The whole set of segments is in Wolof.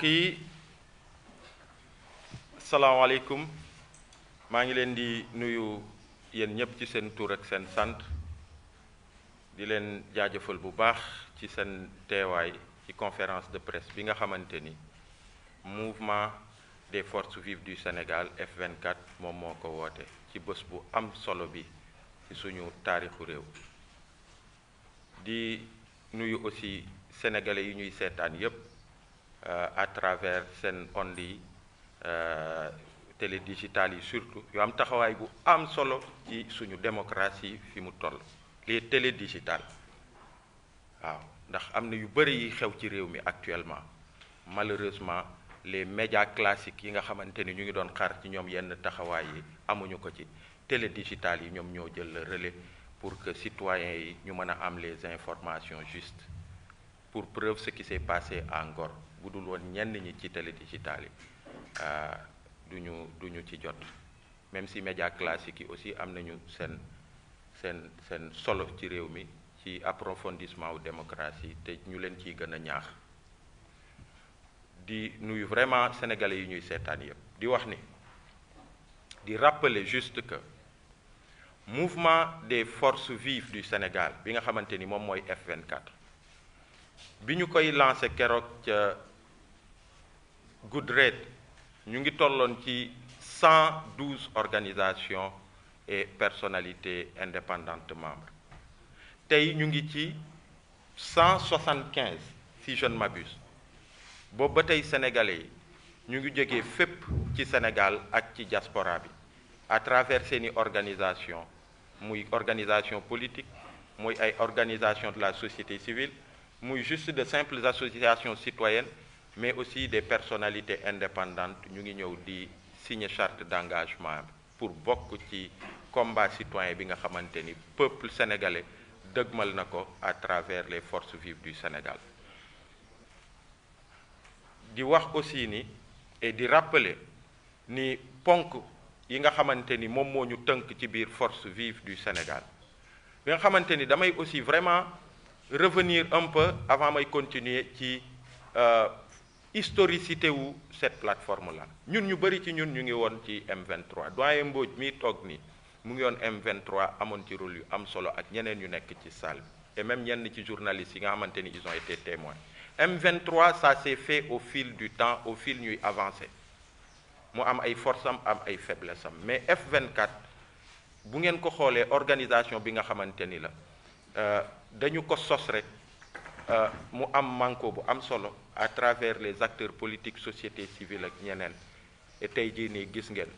mbokk yi salaamaaleykum maa ngi leen di nuyu yéen ñëpp ci seen tur ak seen sant di leen jaajëfal bu baax ci seen teewaay ci conférence de presse bi nga xamante ni mouvement de forces vives du Sénégal F24 moom moo ko woote ci bés bu am solo bi ci suñu taarixu réew di nuyu aussi sénégalais yi ñuy seetaan yépp Euh, à travers sen ond euh, télé digital surtout yo am taxaway am démocratie fi mu les télé digital waaw ndax yu actuellement malheureusement les médias classiques yi nga ñu ngi le relais pour que citoyens yi les informations justes pour preuve ce qui s'est passé à bu dul woon ñenn ñi ci télé digitale yi ah, du ñu du ñu ci jot même si média classique yi aussi am nañu seen seen seen solo ci réew mi ci approfondissement wu démocratie te ñu leen ciy gën a ñaax di nuyu vraiment sénégalais yi ñuy seetaan yépp di wax ni di rappeler juste que mouvement des forces vives du Sénégal bi nga xamante ni moom mooy F24 bi ñu koy lancé keroog ca. Goodreads nous ngi 112 organisations et personnalités indépendantes membres Nous avons ngi si je ne m'abuse Si nous sénégalais nous avons ngi le Sénégal ak ci diaspora à travers ces organisations, muy organisations politiques, organisations de la société civile juste de simples associations citoyennes mais aussi des personnalités indépendantes qui ont signé di charte d'engagement pour beaucoup de combats citoyens bi peuple sénégalais à travers les forces vives du Sénégal Je wax aussi ni et di rappeler ni ponk yi nga xamanteni ni ci biir force du Sénégal Je nga aussi vraiment revenir un peu avant may continuer ci euh, historicité ou cette plateforme là Nous ñu bari ci ñun ñu ngi M23 doyen mboj mi tok ni mu ngi M23 a ci rôle yu am solo ak ñeneen ñu nekk ci et même ñenn journalistes nga ils ont été témoins M23 ça s'est fait au fil du temps au fil ñuy l'avancée. mu am ay force am ay faiblesse mais F24 bu ngeen ko xoolee organisation bi nga xamanteni ni la euh, dañu ko sos rek euh, mu am manko bu am solo à travers les acteurs politiques société civile ak ñeneen et tey jii nii gis ngeen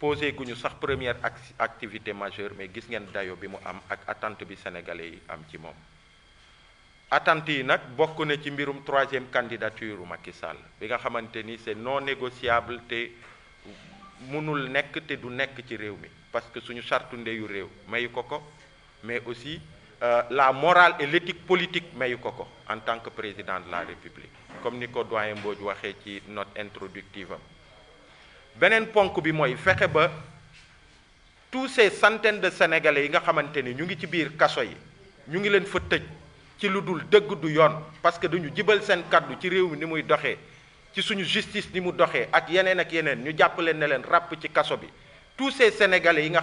posé guñu sax première activité majeure mais gis ngeen dayo bi mu am ak attente bi sénégalais yi am ci moom attente yi nag bokk na ci mbirum troisième candidature Macky Sall bi nga xamante c'est non négociable te mënul nekk te du nekk ci réew mi parce que suñu charte ndeyu réew mayu ko mais aussi euh, la morale et l'éthique politique en tant que président de la république comme doyen Mbodj waxé ci note introductive benen ponk bi tous ces centaines de sénégalais yi nga xamante ñu ngi ci biir kasso yi ñu ngi leen fa parce que dañu jibal sen kaddu ci réew mi ni ci justice ni mu doxé ak yenen ak yenen ñu qui leen ne tous ces sénégalais yi nga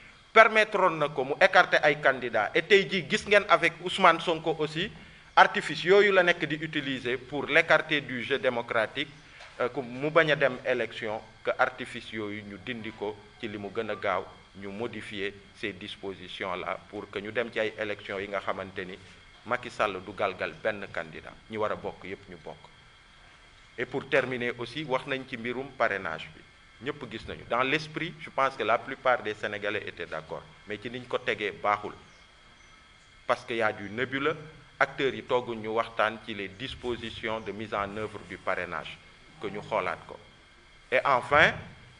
Permettront na ko mu écarter ay candidats et tey dis, gis ngeen avec Ousmane Sonko aussi artifice yoyu la utilisé pour l'écarter du jeu démocratique pour euh, mu baña dem élection que artifice yoyu ñu dindi ko ci limu modifier ces dispositions là pour que ñu dem ci ay élections yi nga xamanteni Macky Sall du galgal ben candidat ñi wara yépp ñu et pour terminer aussi wax nañ ci mbirum parrainage ñëpp gis nañu dans l'esprit je pense que la plupart des sénégalais étaient d'accord mais ci niñ ko tegee baaxul parce qu'il y a du nébuleux acteurs yi tooguñ ñu waxtaan ci les dispositions de mise en œuvre du parrainage que ñu xoolaat ko et enfin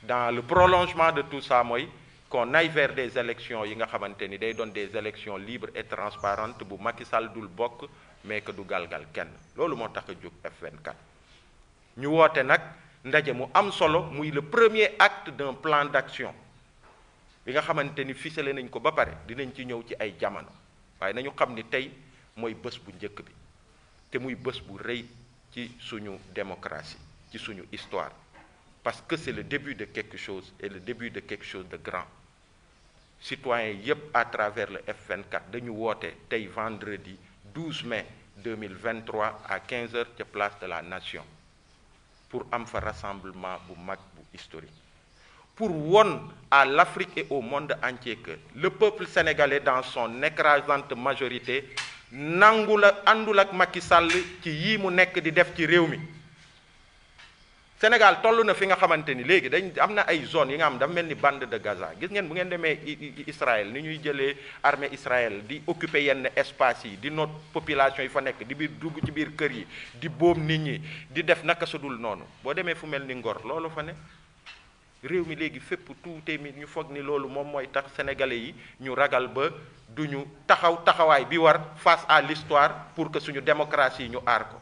dans le prolongement de tout ça mooy qu'on aille vers des élections yi nga xamante ni day doon des élections libres et transparentes bu Macky Sall dul bokk mais que du galgal kenn loolu moo tax a jóg F24 ñu ndaje mu am le premier acte d'un plan d'action bi nga xamante ni ficelé nañ ko ba pare dinañ ci ñëw ci ay jamono waaye nañu xam ni tey mooy bés bu njëkk bi bu ci suñu démocratie ci histoire parce que c'est le début de quelque chose et le début de quelque chose de grand citoyens yépp à travers le F24 dañu woote tey vendredi 12 mai 2023 à 15 heures ca place de la nation pour un rassemblement bu mag historique pour one à l'Afrique et au monde entier que le peuple sénégalais dans son écrasante majorité n'angoule, la Macky Sall ci y mu nek di def ci Sénégal toll na fi nga xamante ni léegi dañ am na ay zone yi nga xam dafa mel ni bande de Gaza gis ngeen bu ngeen demee Israël ni ñuy jëlee armee Israël di occuper yenn espace yi di noot population yi fa nekk di biir dugg ci biir kër yi di boom nit ñi di def naka su noonu boo demee fu mel ni Ngor loolu fa ne réew mi léegi fépp tuute mi ñu foog ni loolu moom mooy tax sénégalais yi ñu ragal ba duñu taxaw taxawaay bi war face à l'histoire pour que suñu démocratie ñu aar ko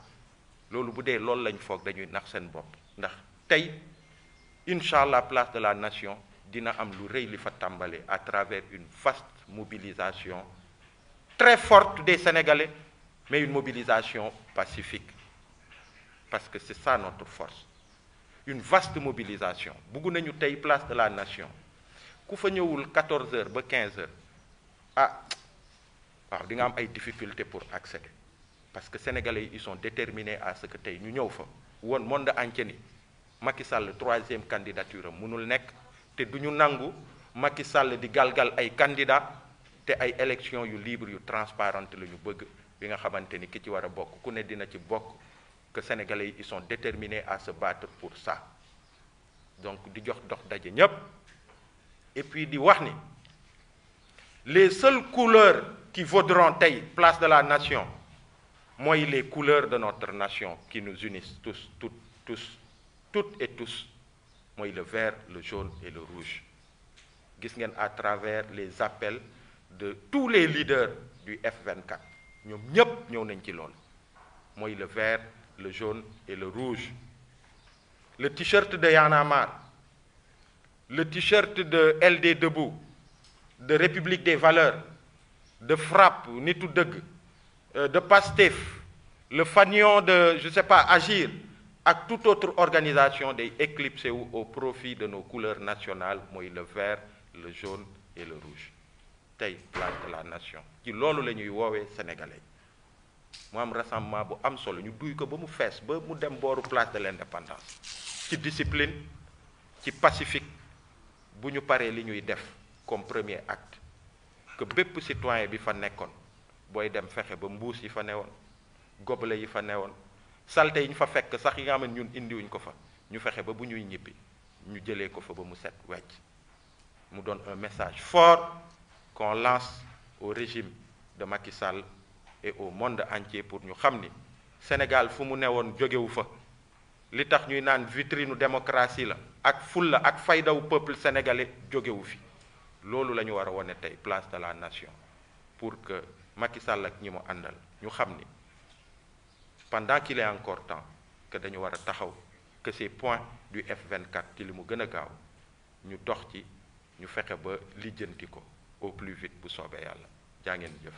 loolu bu dee loolu lañ foog dañuy nax seen bopp ndax tey place de la nation dina am lu rëy li à travers une vaste mobilisation très forte des Sénégalais mais une mobilisation pacifique parce que c'est ça notre force une vaste mobilisation bugg nañu tey place de la nation ku fa ñëwul 14 h ba 15 h ah waaw di nga am ay difficultés pour accéder parce que sénégalais ils sont déterminés à ce que nous ñu ñëw fa le monde entier Macky Sall troisième candidature am mënul nekk te du nangu Macky Sall di galgal ay candidats te ay élections yu libre transparente nous ñu bëgg bi nga xamante ni ki ci war que sénégalais ils sont déterminés à se battre pour ça donc di jox dox et puis di wax ni les seules couleurs qui vaudront tey place de la nation il les couleurs de notre nation qui nous unissent tous toutes tous toutes et tous il le vert le jaune et le rouge à travers les appels de tous les leaders du F24 le vert le jaune et le rouge le t-shirt de Yann Amar, le t-shirt de LD Debout de République des valeurs de Frappe nitu euh, de PASTEF, le fanion de, je ne sais pas, Agir, à toute autre organisation des au profit de nos couleurs nationales, moi le vert, le jaune et le rouge. taille place de la nation ci ce que nous sénégalais am rassemblement bu am solo ñu place de l'indépendance discipline qui pacifique nous comme premier acte que boy dem fexe ba mbuus yi fa newoon gobelet yi fa newoon salte yi ñu fa fekk sax yi nga xam ñun indi wuñ ko fa ñu fexe ba bu ñuy ñibbi ñu jëlee ko fa ba mu set wecc mu doon un message fort qu'on lance au régime de Macky Sall et au monde entier pour ñu xamni Sénégal fu mu newoon jógewu fa li tax ñuy naan vitrine démocratie la ak la ak wu peuple sénégalais jógewu fi lolu la wara woné tay place de la nation pour que Macky Sall ak ñi mu àndal ñu xam ni pendant qu'il est encore temps que dañu wara taxaw que ces points du F24 ci li mu gën a gaaw ñu dox ci ñu fexé ba lijjanti au plus vite bu soobé yalla jaa ngeen jëf.